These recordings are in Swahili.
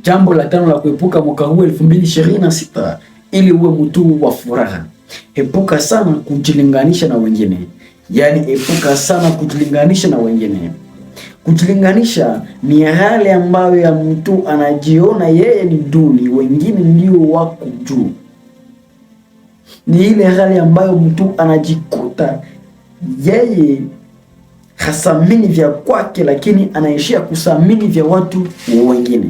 Jambo la tano la kuepuka mwaka huu sita ili uwe mtu wa furaha, epuka sana kujilinganisha na wengine. Yaani, epuka sana kujilinganisha na wengine. Kujilinganisha ni hali ambayo ya mtu anajiona yeye ni duni, wengine ndio wako juu. Ni ile hali ambayo mtu anajikuta yeye hasamini vya kwake, lakini anaishia kusamini vya watu wengine.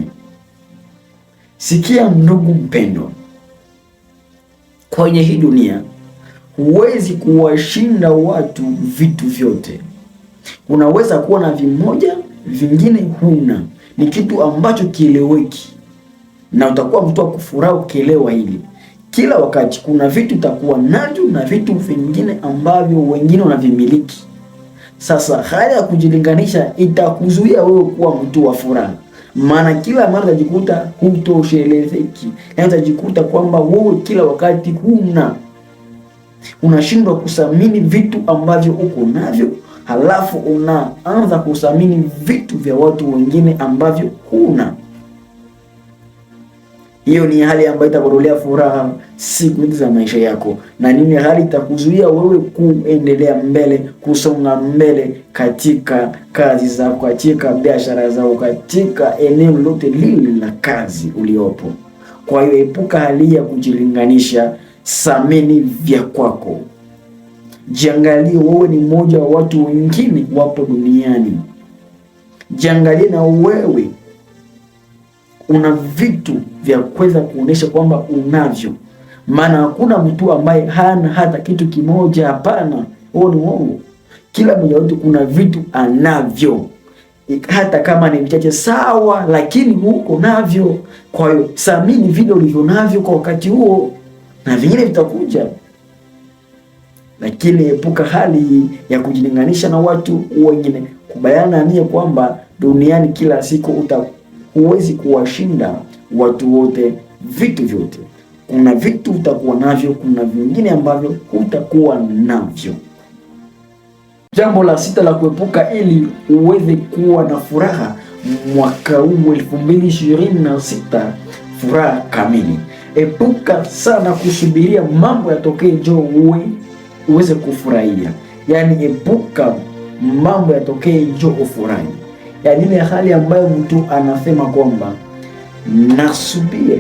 Sikia ndugu mpendwa, kwenye hii dunia huwezi kuwashinda watu vitu vyote. Unaweza kuwa na vimoja, vingine huna, ni kitu ambacho kieleweki, na utakuwa mtu wa kufurahi ukielewa hili. Kila wakati kuna vitu utakuwa navyo na vitu vingine ambavyo wengine wanavimiliki. Sasa haya ya kujilinganisha itakuzuia wewe kuwa mtu wa furaha maana kila mara utajikuta hutoshelezeki, na yaani utajikuta kwamba wewe kila wakati huna unashindwa kusamini vitu ambavyo uko navyo, halafu unaanza kusamini vitu vya watu wengine ambavyo huna hiyo ni hali ambayo itakuondolea furaha siku za maisha yako, na nini hali itakuzuia wewe kuendelea mbele, kusonga mbele katika kazi zako, katika biashara zako, katika eneo lote lile la kazi uliopo. Kwa hiyo epuka hali ya kujilinganisha, samini vya kwako, jiangalie wewe ni mmoja wa watu wengine wapo duniani, jiangalie na wewe una vitu vya kuweza kuonesha kwamba unavyo, maana hakuna mtu ambaye hana hata kitu kimoja. Hapana, huo ni uongo. Kila mmoja wetu kuna vitu anavyo, hata kama ni vichache, sawa, lakini uko navyo. Kwa hiyo thamini vile ulivyo navyo kwa wakati huo, na vingine vitakuja lakini epuka hali ya kujilinganisha na watu wengine. Kubaliana na kwamba duniani kila siku uta huwezi kuwashinda watu wote vitu vyote. Kuna vitu utakuwa navyo, kuna vingine ambavyo hutakuwa navyo. Jambo la sita la kuepuka ili uweze kuwa na furaha mwaka huu elfu mbili ishirini na sita, furaha kamili. Epuka sana kusubiria mambo yatokee njo uwe uweze kufurahia, yaani epuka mambo yatokee njo ufurahi yaani ile hali ambayo mtu anasema kwamba nasubie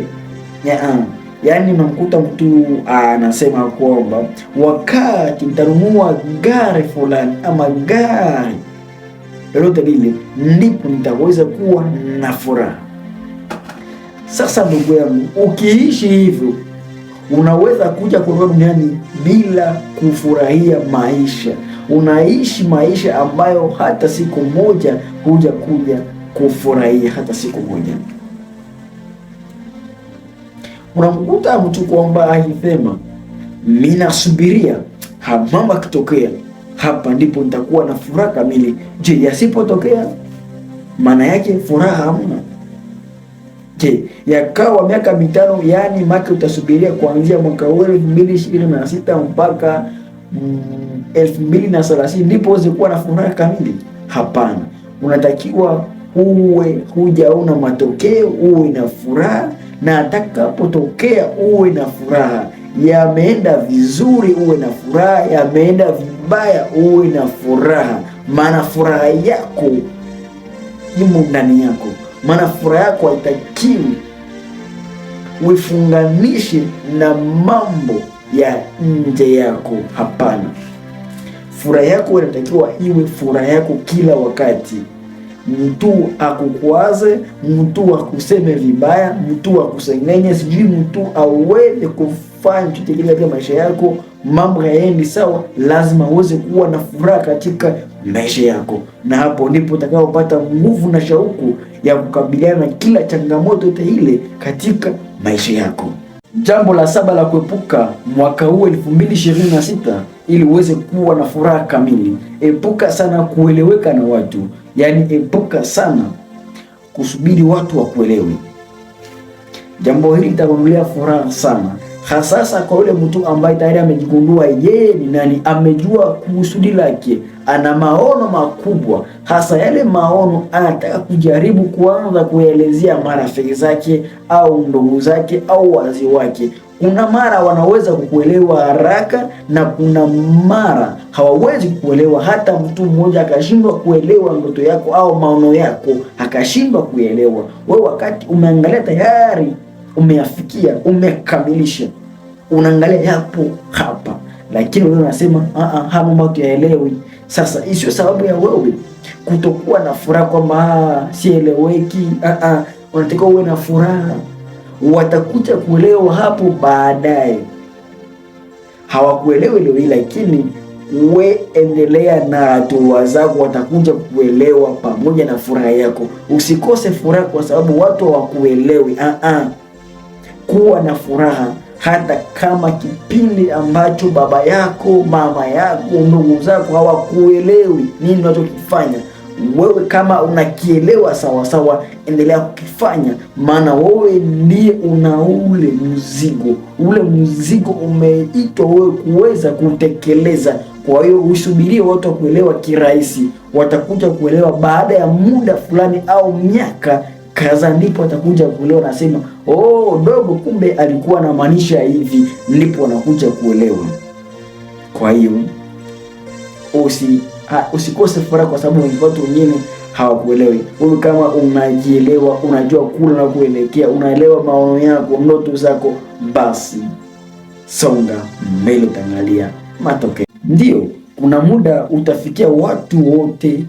yaani namkuta mtu anasema kwamba wakati nitanunua gari fulani ama gari lolote lile, ndipo nitaweza kuwa na furaha. Sasa ndugu yangu, ukiishi hivyo unaweza kuja kuondoka duniani bila kufurahia maisha. Unaishi maisha ambayo hata siku moja huja kuja kufurahia hata siku moja. Unamkuta mtu kwamba alisema mi nasubiria hamama kitokea hapa ndipo nitakuwa na furaha kamili. Je, yasipotokea maana yake furaha hamna. Je, yakawa miaka mitano, yaani maki utasubiria kuanzia mwaka huu elfu mbili ishirini na sita mpaka mm, elfu mbili na thelathini ndipo uweze kuwa na furaha kamili? Hapana unatakiwa uwe hujaona matokeo, uwe na furaha, na atakapotokea uwe na furaha. Yameenda vizuri, uwe na furaha, yameenda vibaya, uwe na furaha, maana furaha yako imo ndani yako, maana furaha yako haitakiwi uifunganishe na mambo ya nje yako. Hapana. Furaha yako inatakiwa iwe furaha yako kila wakati. Mtu akukwaze, mtu akuseme vibaya, mtu akusengenye, sijui mtu aweze kufanya chochote kile katika maisha yako, mambo yaendi sawa, lazima uweze kuwa na furaha katika maisha yako, na hapo ndipo utakaopata nguvu na shauku ya kukabiliana na kila changamoto yote ile katika maisha yako. Jambo la saba la kuepuka mwaka huu 2026 ili uweze kuwa na furaha kamili. Epuka sana kueleweka na watu, yaani epuka sana kusubiri watu wakuelewe. Jambo hili litakuondolea furaha sana, hasasa kwa yule mtu ambaye tayari amejigundua yeye ni nani, amejua kusudi lake, ana maono makubwa, hasa yale maono anataka kujaribu kuanza kuelezea marafiki zake au ndugu zake au wazazi wake kuna mara wanaweza kukuelewa haraka na kuna mara hawawezi kuelewa Hata mtu mmoja akashindwa kuelewa ndoto yako au maono yako, akashindwa kuelewa wewe, wakati umeangalia tayari umeafikia umekamilisha, unaangalia yapo hapa, lakini wewe unasema haya mambo yaelewi. Sasa isio sababu ya wewe kutokuwa na furaha kwamba ah, sieleweki. Unatakiwa uwe na furaha watakuja kuelewa hapo baadaye. Hawakuelewi leo hii, lakini we endelea na hatua zako, watakuja kuelewa pamoja na furaha yako. Usikose furaha kwa sababu watu hawakuelewi. Aa, kuwa na furaha hata kama kipindi ambacho baba yako, mama yako, ndugu zako hawakuelewi nini unachokifanya wewe kama unakielewa sawasawa, endelea kukifanya, maana wewe ndiye una ule mzigo. Ule mzigo umeitwa wewe kuweza kutekeleza. Kwa hiyo usubirie watu wa kuelewa kirahisi, watakuja kuelewa baada ya muda fulani au miaka kaza, ndipo watakuja kuelewa, nasema oh, dogo kumbe alikuwa anamaanisha hivi, ndipo wanakuja kuelewa. Kwa hiyo usi ha, usikose furaha kwa sababu watu wengine hawakuelewi. Wewe kama unajielewa, unajua kula na kuelekea, unaelewa maono yako, ndoto zako, basi songa mbele, utaangalia matokeo. Ndio kuna muda utafikia watu wote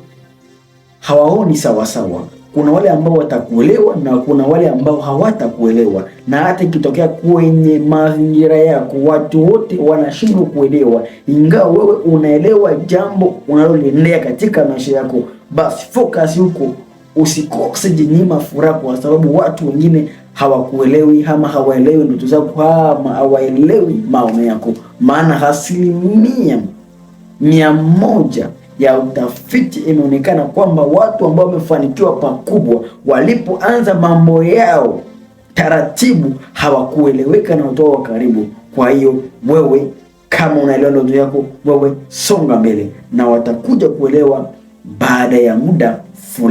hawaoni sawasawa sawa kuna wale ambao watakuelewa na kuna wale ambao hawatakuelewa, na hata ikitokea kwenye mazingira yako watu wote wanashindwa kuelewa, ingawa wewe unaelewa jambo unaloliendea katika maisha yako, basi focus huko, usikose jinyima furaha, kwa sababu watu wengine hawakuelewi ama hawaelewi ndoto zako ama hawaelewi maono yako, maana asilimia mia moja ya utafiti imeonekana kwamba watu ambao wamefanikiwa pakubwa walipoanza mambo yao taratibu, hawakueleweka na watu wa karibu. Kwa hiyo wewe kama unaelewa ndoto yako, wewe songa mbele na watakuja kuelewa baada ya muda fulani.